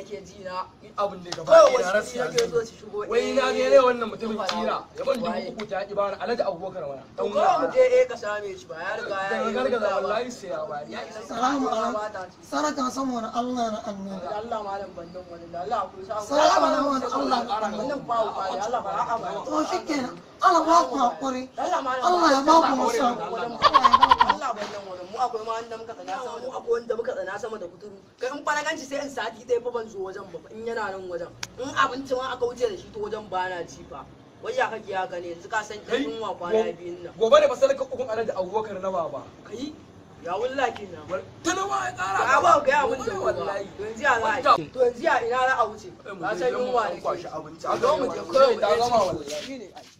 nake ji na abin da gaba ɗaya rasu ya ke so shigo wai eh, na ga ne wannan mutumin kira ya ban dubu uku ta ki bani alhaji abubakar wala to ko mu je eh ka same shi ba ya riga ya yi gargaza wallahi sai ya bari salamu alaikum saraka samu wani Allah na annabi Allah malam bandan wani da Allah ku sa salamu alaikum wani Allah wannan ba ku fara Allah ba a'a ba to shikenan Allah ba ku hakuri Allah ya ba ku musa akwai ma wanda muka tsana sama da akwai wanda muka tsana sama da kuturu kai in faraganci sai in sati ɗaya fa ban zo wajen ba in yana nan wajen in abinci ma aka wuce da shi to wajen bana na ci fa wai ya kake ya gane yanzu ka san ɗan yunwa kwana biyun nan gobe da fasar ka ukun alhaji abubakar na baba kai ya wulla kenan ta nawa ya tsara ka ba ga ya wulla wallahi to yanzu ya za to yanzu ya ina za a wuce ka eh, san yunwa ne kwashi a zo mu je kawai da gama wallahi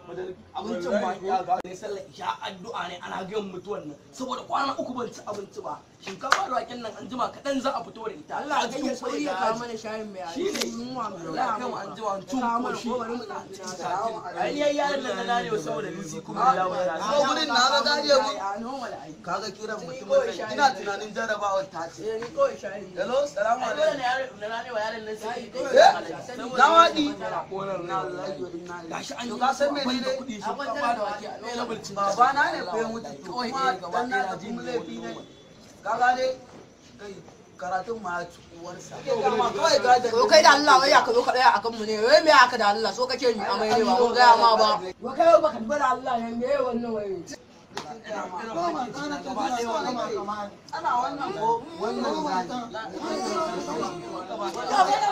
abincin ba ya ga ne ya addu'a ne ana ga mutuwan nan saboda kwana uku ban ci abinci ba shinkafa da waken nan anjima kaɗan za a fito da ita Allah ya yi ya kawo mana shayin mai aji shi ne Allah ya kawo anjima an tun koshi ai yayi yaran nan na dare saboda lisi kuma ya wala ko gudun na na dare mu kaga kiran mutum ina tunanin jarabawar ta ce eh, ni kawai shayin hello salamu alaikum na dare wa yaran nan sai eh, dawadi gashi an yi da kuɗi sun da na ne to kuma dan na laifi ne kaga karatun ma uwarsa kawai da kai da Allah wai ka zo ka tsaya akan mu ne wai me aka da Allah so kake mi amai ne ba ko ga ma ba wai kai ba ka bar Allah ne me wannan wai ana wannan ko wannan zani